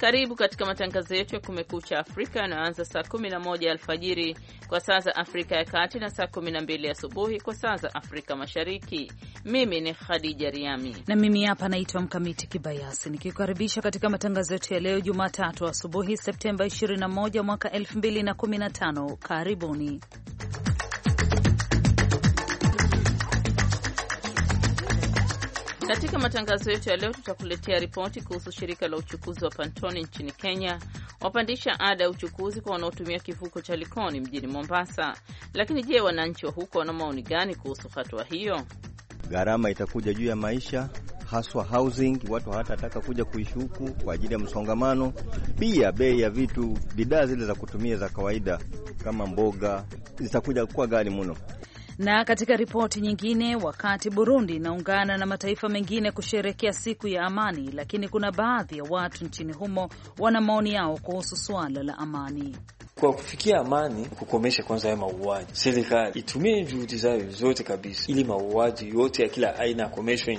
Karibu katika matangazo yetu ya Kumekucha Afrika yanayoanza saa 11 alfajiri kwa saa za Afrika ya Kati na saa 12 asubuhi kwa saa za Afrika Mashariki. Mimi ni Khadija Riami na mimi hapa naitwa Mkamiti Kibayasi nikikaribisha katika matangazo yetu ya leo Jumatatu asubuhi Septemba 21 mwaka 2015. Karibuni. Katika matangazo yetu ya leo, tutakuletea ripoti kuhusu shirika la uchukuzi wa Pantoni nchini Kenya wapandisha ada ya uchukuzi kwa wanaotumia kivuko cha Likoni mjini Mombasa. Lakini je, wananchi wa huko wana maoni gani kuhusu hatua hiyo? Gharama itakuja juu ya maisha haswa housing, watu hawatataka kuja kuishi huku kwa ajili ya msongamano. Pia bei ya vitu, bidhaa zile za kutumia za kawaida kama mboga zitakuja kuwa ghali mno. Na katika ripoti nyingine, wakati Burundi inaungana na mataifa mengine kusherekea siku ya amani, lakini kuna baadhi ya watu nchini humo wana maoni yao kuhusu suala la amani. Kwa kufikia amani, kukomesha kwanza hayo mauaji, serikali itumie juhudi zayo zote kabisa, ili mauaji yote ya kila aina yakomeshwe.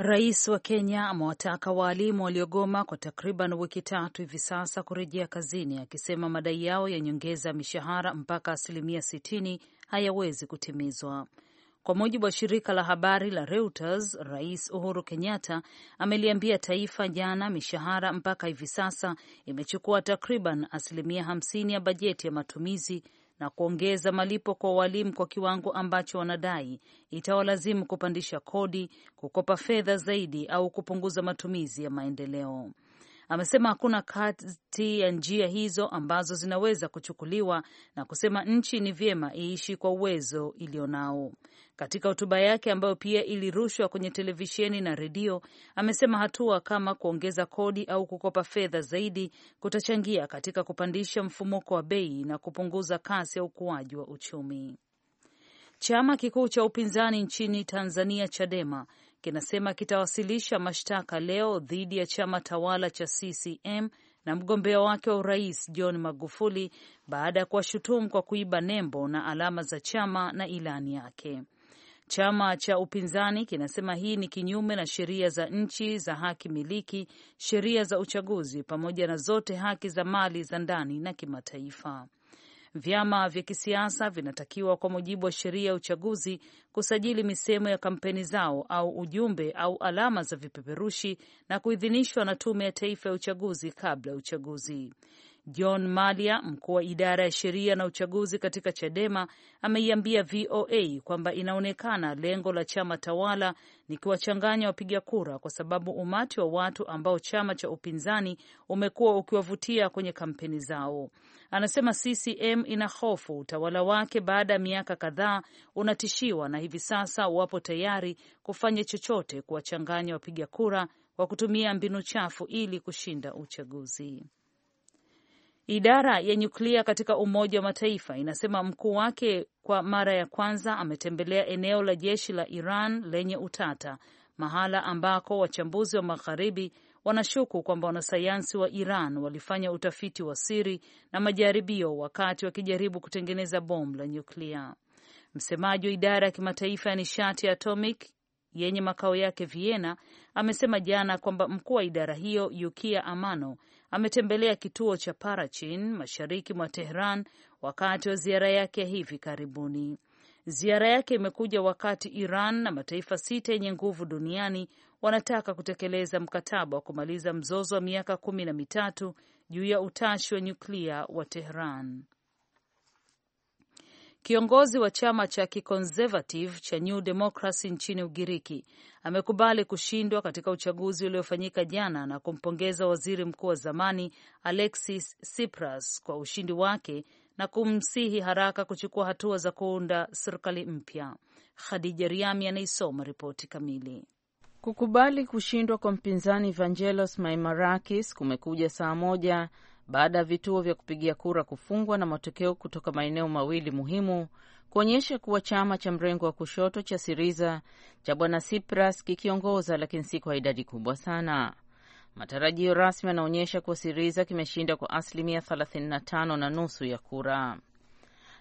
Rais wa Kenya amewataka waalimu waliogoma kwa takriban wiki tatu hivi sasa kurejea kazini, akisema madai yao ya nyongeza ya mishahara mpaka asilimia sitini hayawezi kutimizwa. Kwa mujibu wa shirika la habari la Reuters, Rais Uhuru Kenyatta ameliambia taifa jana mishahara mpaka hivi sasa imechukua takriban asilimia hamsini ya bajeti ya matumizi na kuongeza malipo kwa walimu kwa kiwango ambacho wanadai, itawalazimu kupandisha kodi, kukopa fedha zaidi au kupunguza matumizi ya maendeleo. Amesema hakuna kati ya njia hizo ambazo zinaweza kuchukuliwa na kusema nchi ni vyema iishi kwa uwezo iliyonao katika hotuba yake ambayo pia ilirushwa kwenye televisheni na redio, amesema hatua kama kuongeza kodi au kukopa fedha zaidi kutachangia katika kupandisha mfumuko wa bei na kupunguza kasi ya ukuaji wa uchumi. Chama kikuu cha upinzani nchini Tanzania, Chadema, kinasema kitawasilisha mashtaka leo dhidi ya chama tawala cha CCM na mgombea wake wa urais John Magufuli baada ya kuwashutumu kwa kuiba nembo na alama za chama na ilani yake. Chama cha upinzani kinasema hii ni kinyume na sheria za nchi za haki miliki, sheria za uchaguzi, pamoja na zote haki za mali za ndani na kimataifa. Vyama vya kisiasa vinatakiwa kwa mujibu wa sheria ya uchaguzi kusajili misemo ya kampeni zao au ujumbe au alama za vipeperushi na kuidhinishwa na Tume ya Taifa ya Uchaguzi kabla ya uchaguzi. John Malia, mkuu wa idara ya sheria na uchaguzi katika Chadema, ameiambia VOA kwamba inaonekana lengo la chama tawala ni kuwachanganya wapiga kura, kwa sababu umati wa watu ambao chama cha upinzani umekuwa ukiwavutia kwenye kampeni zao. Anasema CCM ina hofu utawala wake baada ya miaka kadhaa unatishiwa, na hivi sasa wapo tayari kufanya chochote kuwachanganya wapiga kura kwa kutumia mbinu chafu ili kushinda uchaguzi. Idara ya nyuklia katika Umoja wa Mataifa inasema mkuu wake kwa mara ya kwanza ametembelea eneo la jeshi la Iran lenye utata, mahala ambako wachambuzi wa magharibi wanashuku kwamba wanasayansi wa Iran walifanya utafiti wa siri na majaribio wakati wakijaribu kutengeneza bomu la nyuklia. Msemaji wa idara ya kimataifa ya nishati ya atomic yenye makao yake Vienna amesema jana kwamba mkuu wa idara hiyo Yukia Amano ametembelea kituo cha Parachin mashariki mwa Tehran wakati wa ziara yake ya hivi karibuni. Ziara yake imekuja wakati Iran na mataifa sita yenye nguvu duniani wanataka kutekeleza mkataba wa kumaliza mzozo wa miaka kumi na mitatu juu ya utashi wa nyuklia wa Tehran. Kiongozi wa chama cha kiconservative cha New Democracy nchini Ugiriki amekubali kushindwa katika uchaguzi uliofanyika jana na kumpongeza waziri mkuu wa zamani Alexis Tsipras kwa ushindi wake na kumsihi haraka kuchukua hatua za kuunda serikali mpya. Khadija Riami anaisoma ripoti kamili. Kukubali kushindwa kwa mpinzani Vangelos Maimarakis kumekuja saa moja baada ya vituo vya kupigia kura kufungwa na matokeo kutoka maeneo mawili muhimu kuonyesha kuwa chama cha mrengo wa kushoto cha Siriza cha bwana sipras kikiongoza, lakini si kwa idadi kubwa sana. Matarajio rasmi yanaonyesha kuwa Siriza kimeshinda kwa asilimia 35 na nusu ya kura.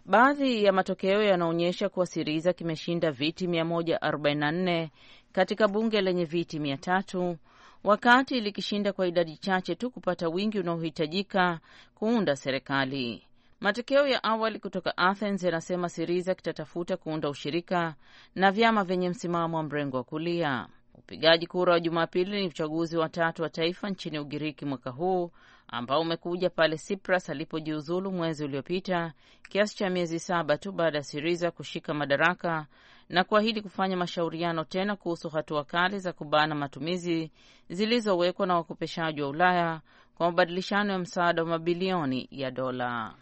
Baadhi ya matokeo yanaonyesha kuwa Siriza kimeshinda viti 144 katika bunge lenye viti mia tatu wakati likishinda kwa idadi chache tu kupata wingi unaohitajika kuunda serikali. Matokeo ya awali kutoka Athens yanasema Siriza kitatafuta kuunda ushirika na vyama vyenye msimamo wa mrengo wa kulia. Upigaji kura wa Jumapili ni uchaguzi wa tatu wa taifa nchini Ugiriki mwaka huu ambao umekuja pale Sipras alipojiuzulu mwezi uliopita, kiasi cha miezi saba tu baada ya Siriza kushika madaraka na kuahidi kufanya mashauriano tena kuhusu hatua kali za kubana matumizi zilizowekwa na wakopeshaji wa Ulaya kwa mabadilishano ya msaada wa mabilioni ya dola.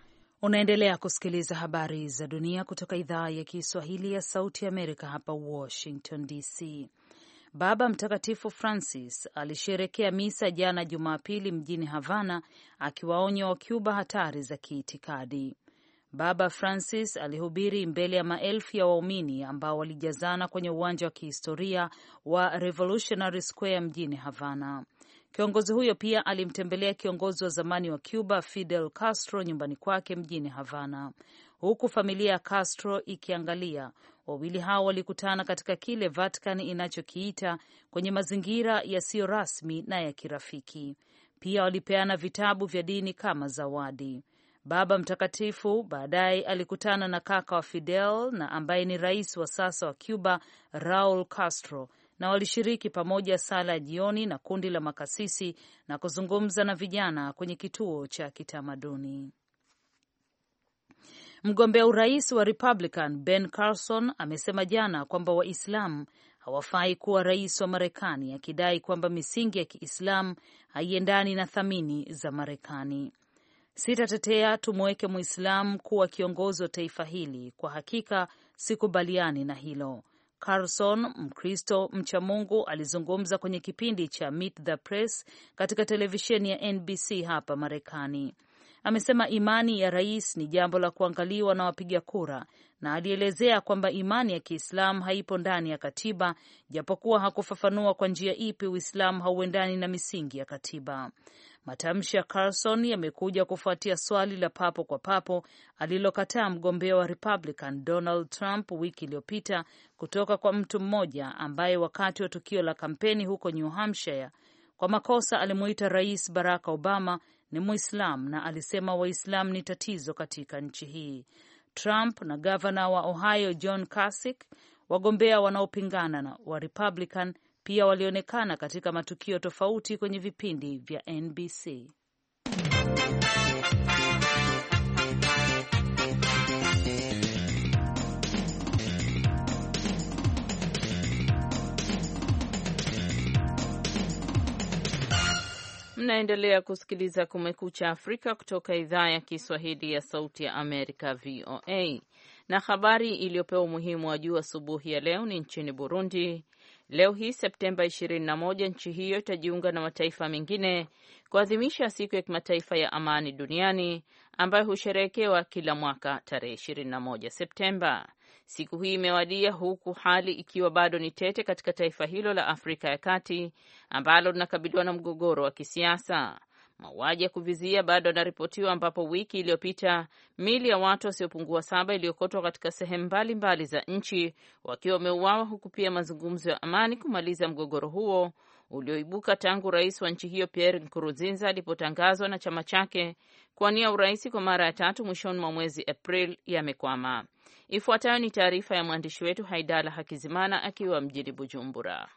Unaendelea kusikiliza habari za dunia kutoka idhaa ya Kiswahili ya Sauti ya Amerika, hapa Washington DC. Baba Mtakatifu Francis alisherekea misa jana Jumapili mjini Havana, akiwaonya Wacuba hatari za kiitikadi. Baba Francis alihubiri mbele ya maelfu ya waumini ambao walijazana kwenye uwanja wa kihistoria wa Revolutionary Square mjini Havana. Kiongozi huyo pia alimtembelea kiongozi wa zamani wa Cuba Fidel Castro nyumbani kwake mjini Havana, huku familia ya Castro ikiangalia. Wawili hao walikutana katika kile Vatican inachokiita kwenye mazingira yasiyo rasmi na ya kirafiki. Pia walipeana vitabu vya dini kama zawadi. Baba Mtakatifu baadaye alikutana na kaka wa Fidel na ambaye ni rais wa sasa wa Cuba, Raul Castro, na walishiriki pamoja sala ya jioni na kundi la makasisi na kuzungumza na vijana kwenye kituo cha kitamaduni. Mgombea urais wa Republican Ben Carson amesema jana kwamba Waislamu hawafai kuwa rais wa Marekani, akidai kwamba misingi ya Kiislamu haiendani na thamani za Marekani. Sitatetea tumweke Mwislamu kuwa kiongozi wa taifa hili, kwa hakika sikubaliani na hilo. Carlson, Mkristo mcha Mungu, alizungumza kwenye kipindi cha Meet the Press katika televisheni ya NBC hapa Marekani. Amesema imani ya rais ni jambo la kuangaliwa na wapiga kura, na alielezea kwamba imani ya Kiislamu haipo ndani ya katiba, japokuwa hakufafanua kwa njia ipi Uislamu hauendani na misingi ya katiba. Matamshi ya Carson yamekuja kufuatia swali la papo kwa papo alilokataa mgombea wa Republican Donald Trump wiki iliyopita kutoka kwa mtu mmoja ambaye wakati wa tukio la kampeni huko New Hampshire kwa makosa alimuita Rais Barack Obama ni Muislam na alisema Waislam ni tatizo katika nchi hii. Trump na gavana wa Ohio John Kasich, wagombea wanaopingana na wa Republican pia walionekana katika matukio tofauti kwenye vipindi vya NBC. Mnaendelea kusikiliza Kumekucha Afrika kutoka idhaa ya Kiswahili ya Sauti ya Amerika, VOA. Na habari iliyopewa umuhimu wa juu asubuhi ya leo ni nchini Burundi, Leo hii Septemba 21 nchi hiyo itajiunga na mataifa mengine kuadhimisha siku ya kimataifa ya amani duniani ambayo husherehekewa kila mwaka tarehe 21 Septemba. Siku hii imewadia huku hali ikiwa bado ni tete katika taifa hilo la Afrika ya Kati ambalo linakabiliwa na mgogoro wa kisiasa. Mauaji ya kuvizia bado yanaripotiwa ambapo wiki iliyopita mili ya watu wasiopungua saba iliyokotwa katika sehemu mbalimbali za nchi wakiwa wameuawa, huku pia mazungumzo ya amani kumaliza mgogoro huo ulioibuka tangu rais wa nchi hiyo Pierre Nkurunziza alipotangazwa na chama chake kuwania urais kwa mara ya tatu mwishoni mwa mwezi april yamekwama. Ifuatayo ni taarifa ya mwandishi wetu Haidala Hakizimana akiwa mjini Bujumbura.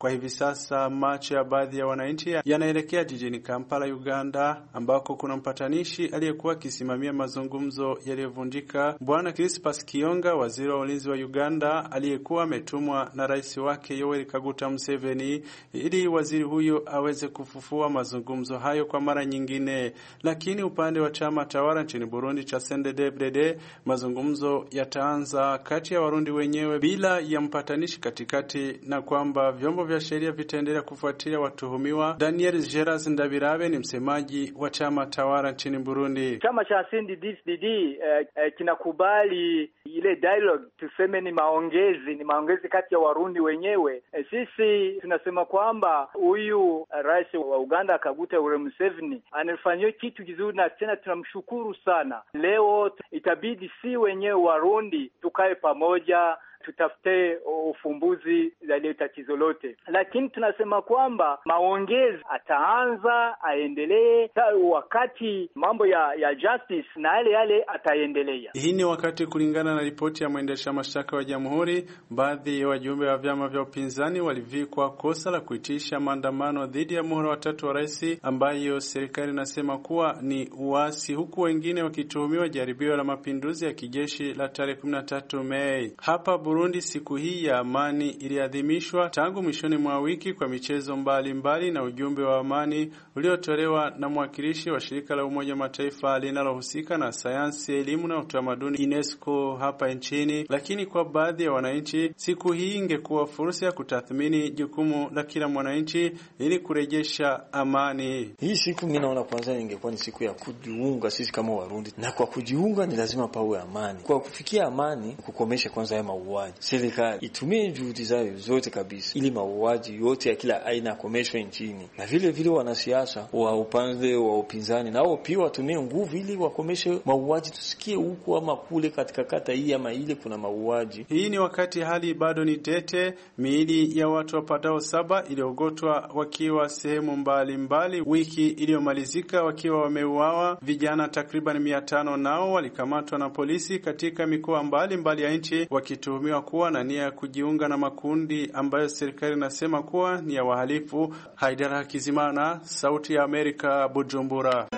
Kwa hivi sasa macho ya baadhi ya wananchi yanaelekea jijini Kampala, Uganda, ambako kuna mpatanishi aliyekuwa akisimamia mazungumzo yaliyovunjika, Bwana Crispas Kionga, waziri wa ulinzi wa Uganda, aliyekuwa ametumwa na rais wake Yoweri Kaguta Museveni ili waziri huyo aweze kufufua mazungumzo hayo kwa mara nyingine. Lakini upande wa chama tawala nchini Burundi cha CNDD-FDD, mazungumzo yataanza kati ya Warundi wenyewe bila ya mpatanishi katikati, na kwamba vyombo vya sheria vitaendelea kufuatilia watuhumiwa. Daniel Geras Ndabirabe ni msemaji wa chama tawala nchini Burundi. Chama cha CNDD-FDD eh, eh, kinakubali ile dialogue, tuseme ni maongezi, ni maongezi kati ya Warundi wenyewe. Eh, sisi tunasema kwamba huyu eh, rais wa Uganda Kaguta Yoweri Museveni anafanyiwa kitu kizuri, na tena tunamshukuru sana. Leo itabidi si wenyewe Warundi tukae pamoja tutafute ufumbuzi za ile tatizo lote, lakini tunasema kwamba maongezi ataanza aendelee wakati mambo ya ya justice na yale yale ataendelea. Hii ni wakati, kulingana na ripoti ya mwendesha mashtaka wa jamhuri, baadhi ya wajumbe wa vyama vya upinzani walivikwa kosa la kuitisha maandamano dhidi ya muhula watatu wa rais, ambayo serikali inasema kuwa ni uasi, huku wengine wakituhumiwa jaribio la mapinduzi ya kijeshi la tarehe 13 Mei hapa Burundi, siku hii ya amani iliadhimishwa tangu mwishoni mwa wiki kwa michezo mbalimbali mbali, na ujumbe wa amani uliotolewa na mwakilishi wa shirika la Umoja Mataifa linalohusika na sayansi, elimu na utamaduni UNESCO hapa nchini. Lakini kwa baadhi ya wananchi, siku hii ingekuwa fursa ya kutathmini jukumu la kila mwananchi ili kurejesha amani. Hii siku mimi naona kwanza ingekuwa ni siku ya kujiunga sisi kama Warundi, na kwa kujiunga ni lazima pawe amani. Kwa kufikia amani, kukomesha kwanza haya mauaji mauaji. Serikali itumie juhudi zayo zote kabisa ili mauaji yote ya kila aina yakomeshwe nchini, na vile vile wanasiasa wa upande wa upinzani nao pia watumie nguvu ili wakomeshe mauaji. Tusikie huku ama kule katika kata hii ama ile kuna mauaji. Hii ni wakati hali bado ni tete. Miili ya watu wapatao saba iliogotwa wakiwa sehemu mbalimbali wiki iliyomalizika wakiwa wameuawa. Vijana takriban mia tano nao walikamatwa na polisi katika mikoa mbalimbali ya nchi wakituhumiwa wanatuhumiwa kuwa na nia ya kujiunga na makundi ambayo serikali inasema kuwa ni ya wahalifu. Haidara Kizimana, Sauti ya Amerika, Bujumbura.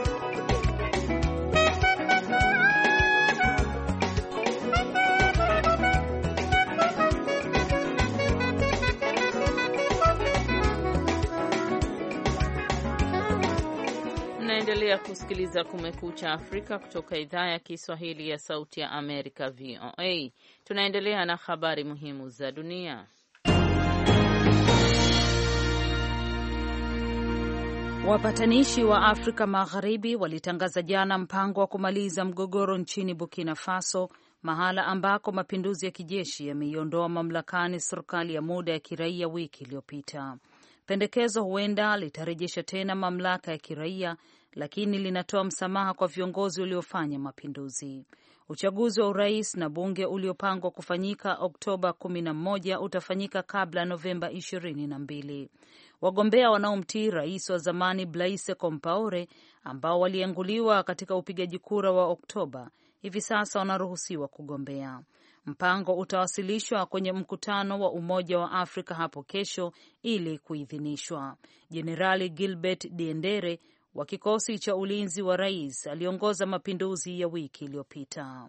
Mnaendelea kusikiliza Kumekucha Afrika kutoka idhaa ya Kiswahili ya Sauti ya Amerika, VOA. Tunaendelea na habari muhimu za dunia. Wapatanishi wa Afrika Magharibi walitangaza jana mpango wa kumaliza mgogoro nchini Burkina Faso, mahala ambako mapinduzi ya kijeshi yameiondoa mamlakani serikali ya muda ya kiraia wiki iliyopita. Pendekezo huenda litarejesha tena mamlaka ya kiraia, lakini linatoa msamaha kwa viongozi waliofanya mapinduzi. Uchaguzi wa urais na bunge uliopangwa kufanyika Oktoba 11 utafanyika kabla Novemba 22. Wagombea wanaomtii rais wa zamani Blaise Compaore ambao walianguliwa katika upigaji kura wa Oktoba hivi sasa wanaruhusiwa kugombea. Mpango utawasilishwa kwenye mkutano wa Umoja wa Afrika hapo kesho ili kuidhinishwa. Jenerali Gilbert Diendere wa kikosi cha ulinzi wa rais aliongoza mapinduzi ya wiki iliyopita.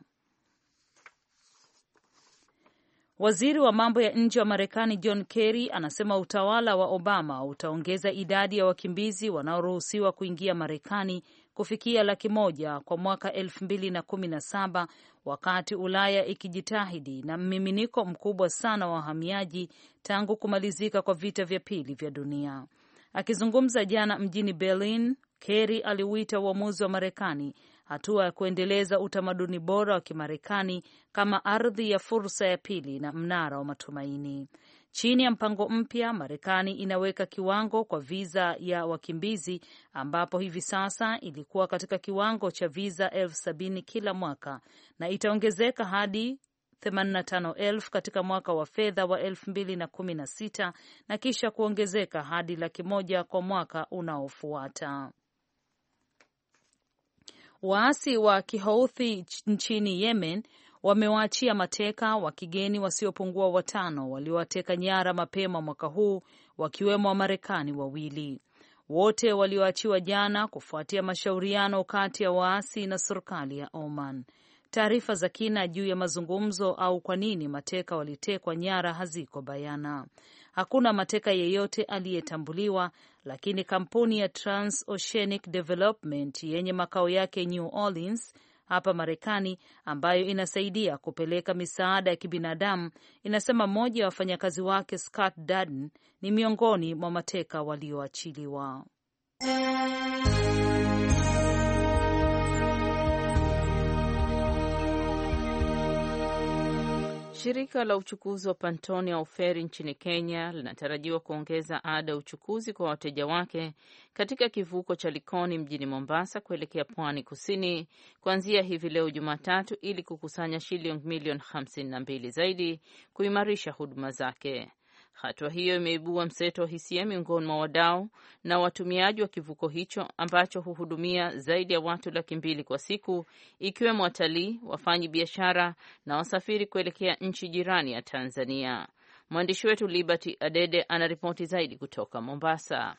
Waziri wa mambo ya nje wa Marekani John Kerry anasema utawala wa Obama utaongeza idadi ya wakimbizi wanaoruhusiwa kuingia Marekani kufikia laki moja kwa mwaka elfu mbili na kumi na saba wakati Ulaya ikijitahidi na mmiminiko mkubwa sana wa wahamiaji tangu kumalizika kwa vita vya pili vya dunia. Akizungumza jana mjini Berlin, Kerry aliuita uamuzi wa Marekani hatua ya kuendeleza utamaduni bora wa Kimarekani kama ardhi ya fursa ya pili na mnara wa matumaini. Chini ya mpango mpya, Marekani inaweka kiwango kwa viza ya wakimbizi ambapo hivi sasa ilikuwa katika kiwango cha viza elfu sabini kila mwaka na itaongezeka hadi 85,000 katika mwaka wa fedha wa 2016 na kisha kuongezeka hadi laki moja kwa mwaka unaofuata. Waasi wa Kihouthi nchini Yemen wamewaachia mateka wa kigeni wasiopungua watano waliowateka nyara mapema mwaka huu wakiwemo Wamarekani wawili. Wote walioachiwa jana kufuatia mashauriano kati ya waasi na serikali ya Oman. Taarifa za kina juu ya mazungumzo au kwa nini mateka walitekwa nyara haziko bayana. Hakuna mateka yeyote aliyetambuliwa, lakini kampuni ya Transoceanic Development yenye makao yake New Orleans hapa Marekani ambayo inasaidia kupeleka misaada ya kibinadamu inasema mmoja ya wafanyakazi wake Scott Darden ni miongoni mwa mateka walioachiliwa. Shirika la uchukuzi wa pantoni au feri nchini Kenya linatarajiwa kuongeza ada ya uchukuzi kwa wateja wake katika kivuko cha Likoni mjini Mombasa kuelekea pwani kusini kuanzia hivi leo Jumatatu, ili kukusanya shilingi milioni 52 zaidi kuimarisha huduma zake. Hatua hiyo imeibua mseto wa hisia miongoni mwa wadau na watumiaji wa kivuko hicho ambacho huhudumia zaidi ya watu laki mbili kwa siku, ikiwemo watalii, wafanyi biashara na wasafiri kuelekea nchi jirani ya Tanzania. Mwandishi wetu Liberty Adede anaripoti zaidi kutoka Mombasa.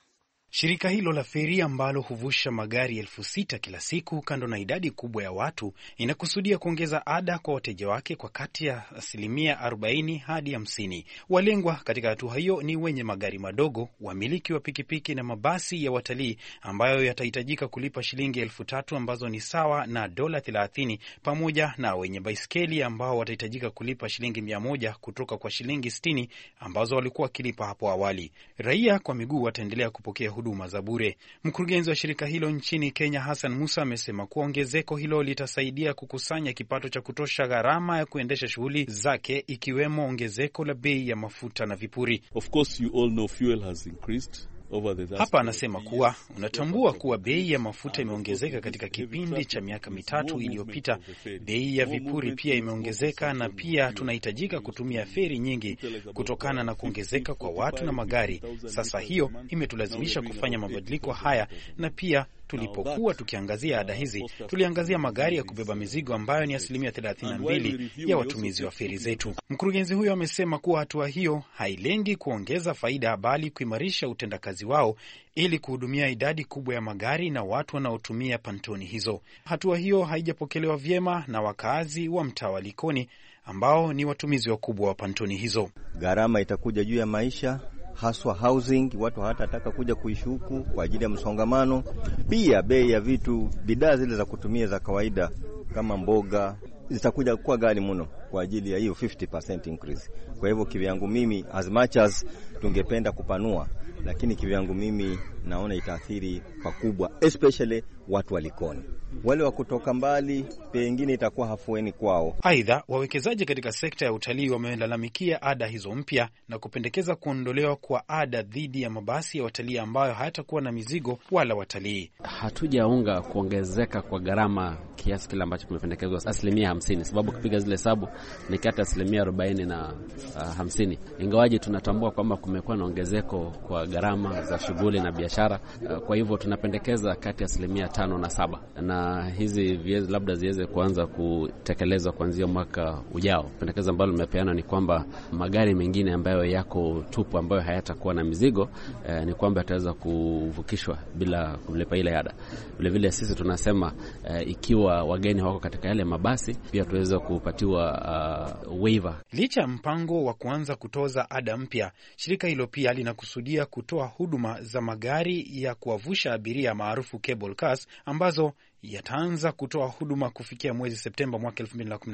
Shirika hilo la feri ambalo huvusha magari elfu sita kila siku, kando na idadi kubwa ya watu, inakusudia kuongeza ada kwa wateja wake kwa kati ya asilimia 40 hadi 50. Walengwa katika hatua hiyo ni wenye magari madogo, wamiliki wa pikipiki na mabasi ya watalii, ambayo yatahitajika kulipa shilingi elfu tatu ambazo ni sawa na dola 30, pamoja na wenye baiskeli ambao watahitajika kulipa shilingi 100 kutoka kwa shilingi 60 ambazo walikuwa wakilipa hapo awali. Raia kwa miguu wataendelea kupokea huduma za bure. Mkurugenzi wa shirika hilo nchini Kenya, Hassan Musa, amesema kuwa ongezeko hilo litasaidia kukusanya kipato cha kutosha gharama ya kuendesha shughuli zake, ikiwemo ongezeko la bei ya mafuta na vipuri. Of course you all know fuel has increased hapa anasema kuwa unatambua kuwa bei ya mafuta imeongezeka katika kipindi cha miaka mitatu iliyopita. Bei ya vipuri pia imeongezeka, na pia tunahitajika kutumia feri nyingi kutokana na kuongezeka kwa watu na magari. Sasa hiyo imetulazimisha kufanya mabadiliko haya, na pia tulipokuwa tukiangazia ada hizi, tuliangazia magari ya kubeba mizigo ambayo ni asilimia 32 ya watumizi wa feri zetu. Mkurugenzi huyo amesema kuwa hatua hiyo hailengi kuongeza faida, bali kuimarisha utendakazi wao ili kuhudumia idadi kubwa ya magari na watu wanaotumia pantoni hizo. Hatua hiyo haijapokelewa vyema na wakaazi wa mtaa wa Likoni ambao ni watumizi wakubwa wa pantoni hizo. Gharama itakuja juu ya maisha haswa housing, watu hawatataka kuja kuishi huku kwa ajili ya msongamano. Pia bei ya vitu, bidhaa zile za kutumia za kawaida kama mboga zitakuja kuwa ghali mno kwa ajili ya hiyo 50% increase. Kwa hivyo kivyangu mimi as much as tungependa kupanua, lakini kivyangu mimi naona itaathiri pakubwa, especially watu wa Likoni. Wale wa kutoka mbali pengine itakuwa hafueni kwao. Aidha, wawekezaji katika sekta ya utalii wamelalamikia ada hizo mpya na kupendekeza kuondolewa kwa ada dhidi ya mabasi ya watalii ambayo hayatakuwa na mizigo wala watalii. Hatujaunga kuongezeka kwa gharama kiasi kile ambacho kimependekezwa asilimia hamsini, sababu kupiga zile hesabu ni kati ya asilimia 40 na 50, ah, Ingawaji tunatambua kwamba kumekuwa na ongezeko kwa gharama za shughuli na biashara, ah, kwa hivyo tunapendekeza kati ya asilimia tano na saba, na hizi viezi, labda ziweze kuanza kutekelezwa kuanzia mwaka ujao. Pendekezo ambalo limepeana ni kwamba magari mengine ambayo yako tupu, ambayo hayatakuwa na mizigo eh, ni kwamba yataweza kuvukishwa bila kulipa ile ada. Vilevile sisi tunasema eh, ikiwa wageni wako katika yale mabasi, pia tuweze kupatiwa uh, uh, waiver. Licha ya mpango wa kuanza kutoza ada mpya, shirika hilo pia linakusudia kutoa huduma za magari ya kuwavusha abiria maarufu cable cars ambazo yataanza kutoa huduma kufikia mwezi Septemba mwaka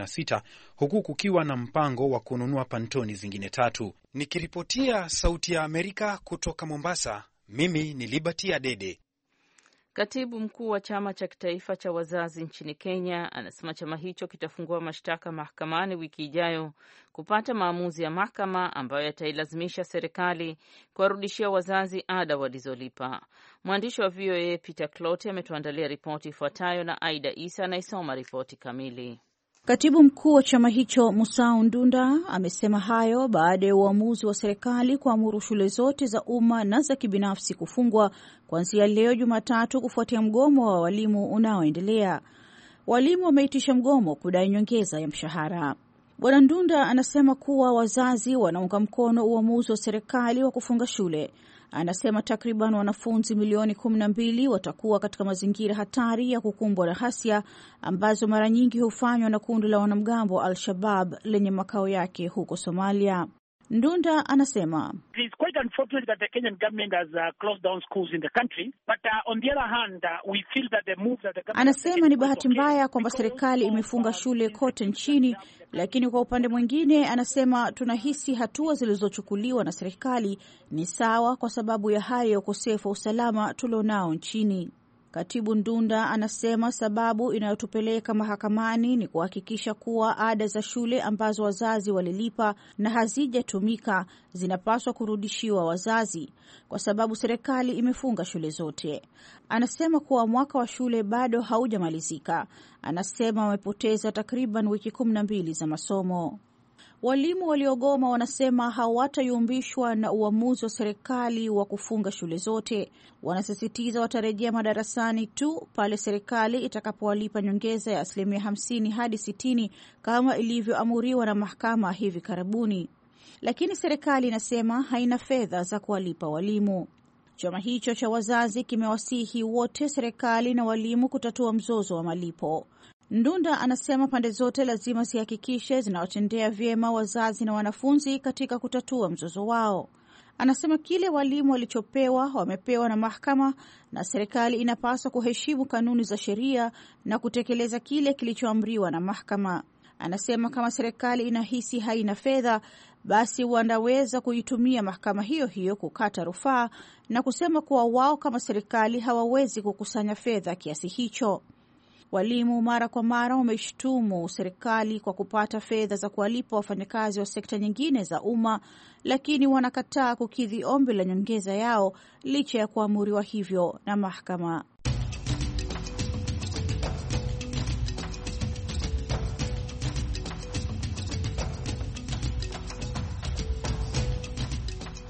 sita huku kukiwa na mpango wa kununua pantoni zingine tatu. Nikiripotia Sauti ya Amerika kutoka Mombasa, mimi ni Liberty Adede. Katibu mkuu wa chama cha kitaifa cha wazazi nchini Kenya anasema chama hicho kitafungua mashtaka mahakamani wiki ijayo kupata maamuzi ya mahakama ambayo yatailazimisha serikali kuwarudishia wazazi ada walizolipa. Mwandishi wa VOA Peter Clote ametuandalia ripoti ifuatayo na Aida Isa anaisoma ripoti kamili. Katibu mkuu wa chama hicho Musau Ndunda amesema hayo baada ya uamuzi wa serikali kuamuru shule zote za umma na za kibinafsi kufungwa kuanzia leo Jumatatu, kufuatia mgomo wa walimu unaoendelea. Walimu wameitisha mgomo kudai nyongeza ya mshahara. Bwana Ndunda anasema kuwa wazazi wanaunga mkono uamuzi wa serikali wa kufunga shule, anasema takriban wanafunzi milioni kumi na mbili watakuwa katika mazingira hatari ya kukumbwa na ghasia ambazo mara nyingi hufanywa na kundi la wanamgambo wa Al-Shabab lenye makao yake huko Somalia. Ndunda anasema anasema ni bahati mbaya kwamba serikali imefunga uh, shule kote nchini, lakini kwa upande mwingine, anasema tunahisi hatua zilizochukuliwa na serikali ni sawa, kwa sababu ya hayo ya ukosefu wa usalama tulionao nchini. Katibu Ndunda anasema sababu inayotupeleka mahakamani ni kuhakikisha kuwa ada za shule ambazo wazazi walilipa na hazijatumika zinapaswa kurudishiwa wazazi, kwa sababu serikali imefunga shule zote. Anasema kuwa mwaka wa shule bado haujamalizika. Anasema wamepoteza takriban wiki kumi na mbili za masomo. Walimu waliogoma wanasema hawatayumbishwa na uamuzi wa serikali wa kufunga shule zote. Wanasisitiza watarejea madarasani tu pale serikali itakapowalipa nyongeza ya asilimia 50 hadi 60 kama ilivyoamuriwa na mahakama hivi karibuni, lakini serikali inasema haina fedha za kuwalipa walimu. Chama hicho cha wazazi kimewasihi wote serikali na walimu kutatua mzozo wa malipo. Ndunda anasema pande zote lazima zihakikishe zinawatendea vyema wazazi na wanafunzi katika kutatua mzozo wao. Anasema kile walimu walichopewa wamepewa na mahakama, na serikali inapaswa kuheshimu kanuni za sheria na kutekeleza kile kilichoamriwa na mahakama. Anasema kama serikali inahisi haina fedha, basi wanaweza kuitumia mahakama hiyo hiyo kukata rufaa na kusema kuwa wao kama serikali hawawezi kukusanya fedha kiasi hicho. Walimu mara kwa mara wameshtumu serikali kwa kupata fedha za kuwalipa wafanyakazi wa sekta nyingine za umma, lakini wanakataa kukidhi ombi la nyongeza yao licha ya kuamuriwa hivyo na mahakama.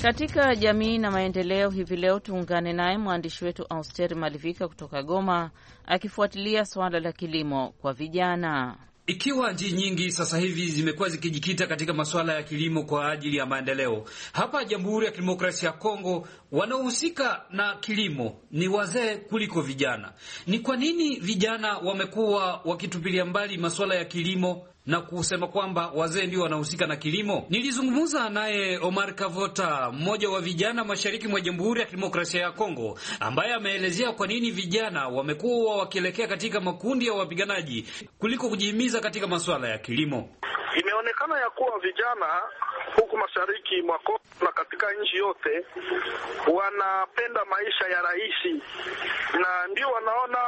Katika jamii na maendeleo hivi leo tuungane naye mwandishi wetu Austeri Malivika kutoka Goma akifuatilia suala la kilimo kwa vijana. Ikiwa nchi nyingi sasa hivi zimekuwa zikijikita katika masuala ya kilimo kwa ajili ya maendeleo, hapa Jamhuri ya Kidemokrasia ya Kongo wanaohusika na kilimo ni wazee kuliko vijana. Ni kwa nini vijana wamekuwa wakitupilia mbali masuala ya kilimo na kusema kwamba wazee ndio wanahusika na kilimo. Nilizungumza naye Omar Kavota, mmoja wa vijana mashariki mwa Jamhuri ya Kidemokrasia ya Kongo, ambaye ameelezea kwa nini vijana wamekuwa wakielekea katika makundi ya wapiganaji kuliko kujihimiza katika masuala ya kilimo. Imeonekana ya kuwa vijana huku mashariki mwa Kongo na katika nchi yote, wanapenda maisha ya rahisi, na ndio wanaona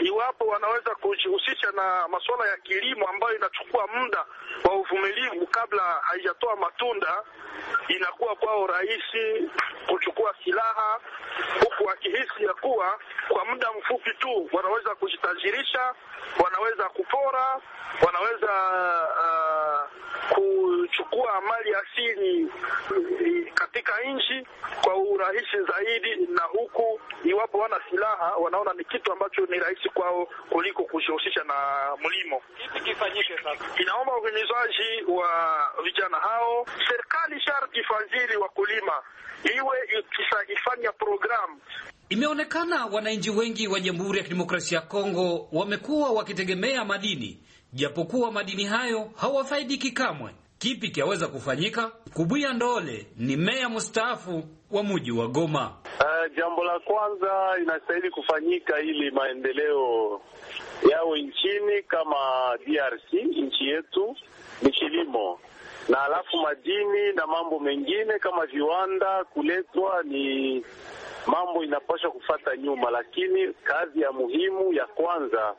iwapo wanaweza kujihusisha na masuala ya kilimo ambayo inachukua muda wa uvumilivu kabla haijatoa matunda, inakuwa kwao rahisi kuchukua silaha, huku wakihisi ya kuwa kwa muda mfupi tu wanaweza kujitajirisha, wanaweza kupora, wanaweza uh, kuchukua amani mali asili katika nchi kwa urahisi zaidi, na huku iwapo wana silaha wanaona ni kitu ambacho ni rahisi kwao kuliko kujihusisha na mlimo. Kipi kifanyike sasa? Inaomba uhimizaji wa vijana hao, serikali sharti ifadhili wakulima, iwe ikifanya programu. Imeonekana wananchi wengi wa Jamhuri ya Kidemokrasia ya Kongo wamekuwa wakitegemea madini, japokuwa madini hayo hawafaidiki kamwe. Kipi kiaweza kufanyika? Kubuya Ndole ni meya mustaafu wa muji wa Goma. Uh, jambo la kwanza inastahili kufanyika ili maendeleo yawe nchini kama DRC nchi yetu ni kilimo na alafu madini na mambo mengine kama viwanda kuletwa, ni mambo inapaswa kufata nyuma, lakini kazi ya muhimu ya kwanza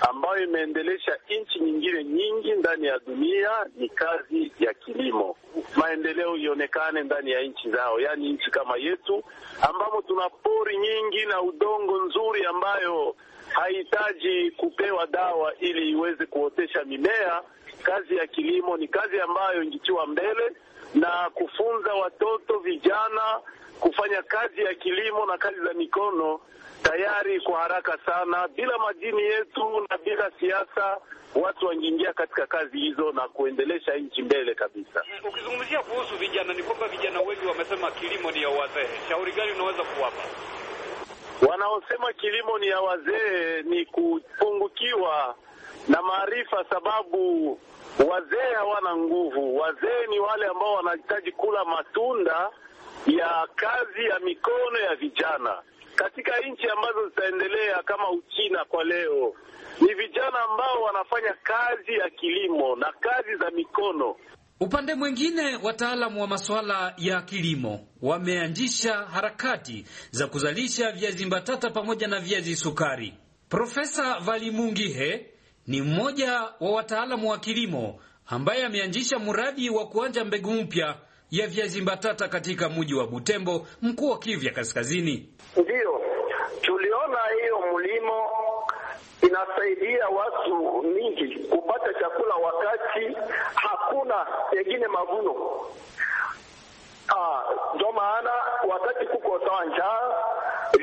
ambayo imeendelesha nchi nyingine nyingi ndani ya dunia ni kazi ya kilimo, maendeleo ionekane ndani ya nchi zao, yaani nchi kama yetu ambamo tuna pori nyingi na udongo nzuri ambayo haihitaji kupewa dawa ili iweze kuotesha mimea. Kazi ya kilimo ni kazi ambayo ingitiwa mbele na kufunza watoto vijana kufanya kazi ya kilimo na kazi za mikono tayari kwa haraka sana, bila majini yetu na bila siasa, watu wangeingia katika kazi hizo na kuendelesha nchi mbele kabisa. Ukizungumzia kuhusu vijana, ni kwamba vijana wengi wamesema kilimo ni ya wazee. Shauri gani unaweza kuwapa? Wanaosema kilimo ni ya wazee ni kupungukiwa na maarifa, sababu wazee hawana nguvu. Wazee ni wale ambao wanahitaji kula matunda ya kazi ya mikono ya vijana katika nchi ambazo zitaendelea kama Uchina kwa leo ni vijana ambao wanafanya kazi ya kilimo na kazi za mikono. Upande mwingine, wataalamu wa masuala ya kilimo wameanzisha harakati za kuzalisha viazi mbatata pamoja na viazi sukari. Profesa Valimungihe ni mmoja wa wataalamu wa kilimo ambaye ameanzisha mradi wa kuanja mbegu mpya ya viazi mbatata katika mji wa Butembo, mkuu wa Kivu ya Kaskazini. Ndiyo tuliona hiyo mlimo inasaidia watu mingi kupata chakula, wakati hakuna pengine mavuno. Ah, ndio maana wakati kuko sawa njaa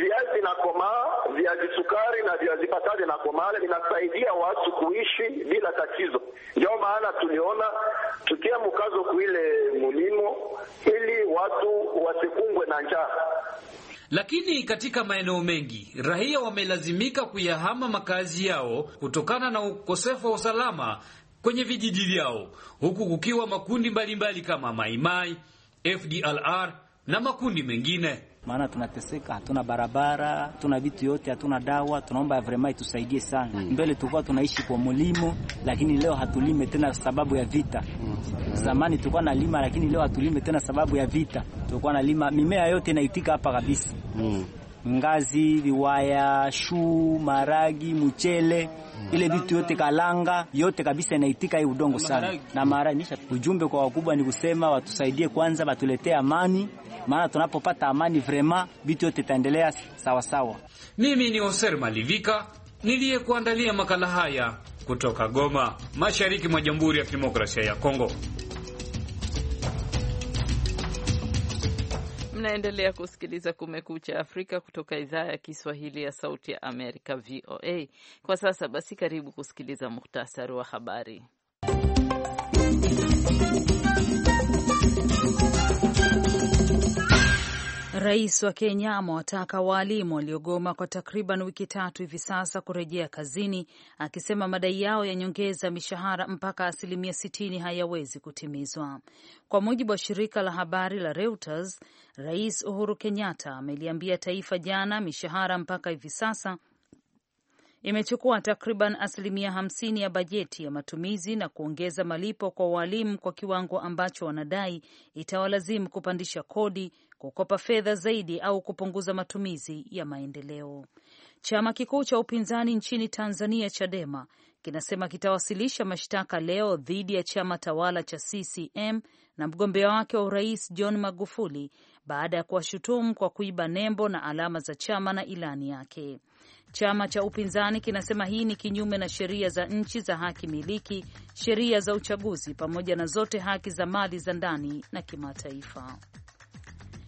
viazi na komaa, viazi sukari na viazi patate na komaa vinasaidia watu kuishi bila tatizo. Ndio maana tuliona tukia mkazo kuile mulimo ili watu wasikungwe na njaa. Lakini katika maeneo mengi raia wamelazimika kuyahama makazi yao kutokana na ukosefu wa usalama kwenye vijiji vyao, huku kukiwa makundi mbalimbali mbali kama Maimai, FDLR na makundi mengine maana tunateseka, hatuna barabara, hatuna vitu yote, hatuna dawa. Tunaomba vraiment itusaidie sana mm. Mbele tulikuwa tunaishi kwa mulimo, lakini leo hatulime tena sababu ya vita mm. Zamani tulikuwa nalima, lakini leo hatulime tena sababu ya vita. Tulikuwa nalima mimea yote inaitika hapa kabisa mm. Ngazi, viwaya, shuu, maragi, mchele mm. ile vitu yote kalanga yote kabisa inaitika hii udongo sana na mara. Ujumbe kwa wakubwa ni kusema watusaidie kwanza, watuletee amani maana tunapopata amani vrema vitu yote itaendelea sawasawa. Mimi ni Oser Malivika niliyekuandalia makala haya kutoka Goma, mashariki mwa Jamhuri ya Kidemokrasia ya Kongo. Mnaendelea kusikiliza Kumekucha Afrika kutoka idhaa ya Kiswahili ya Sauti ya Amerika, VOA. Kwa sasa basi, karibu kusikiliza muhtasari wa habari. Rais wa Kenya amewataka waalimu waliogoma kwa takriban wiki tatu hivi sasa kurejea kazini, akisema madai yao ya nyongeza mishahara mpaka asilimia sitini hayawezi kutimizwa. Kwa mujibu wa shirika la habari la Reuters, Rais Uhuru Kenyatta ameliambia taifa jana mishahara mpaka hivi sasa imechukua takriban asilimia hamsini ya bajeti ya matumizi na kuongeza malipo kwa waalimu kwa kiwango ambacho wanadai itawalazimu kupandisha kodi kukopa fedha zaidi au kupunguza matumizi ya maendeleo. Chama kikuu cha upinzani nchini Tanzania, Chadema, kinasema kitawasilisha mashtaka leo dhidi ya chama tawala cha CCM na mgombea wake wa urais John Magufuli baada ya kuwashutumu kwa kuiba nembo na alama za chama na ilani yake. Chama cha upinzani kinasema hii ni kinyume na sheria za nchi za haki miliki, sheria za uchaguzi, pamoja na zote haki za mali za ndani na kimataifa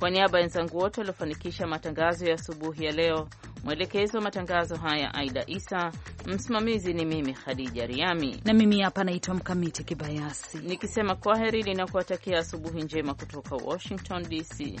Kwa niaba ya wenzangu wote waliofanikisha matangazo ya asubuhi ya leo, mwelekezi wa matangazo haya Aida Isa, msimamizi ni mimi Khadija Riami na mimi hapa naitwa Mkamiti Kibayasi nikisema kwaheri, linakuwatakia asubuhi njema kutoka Washington DC.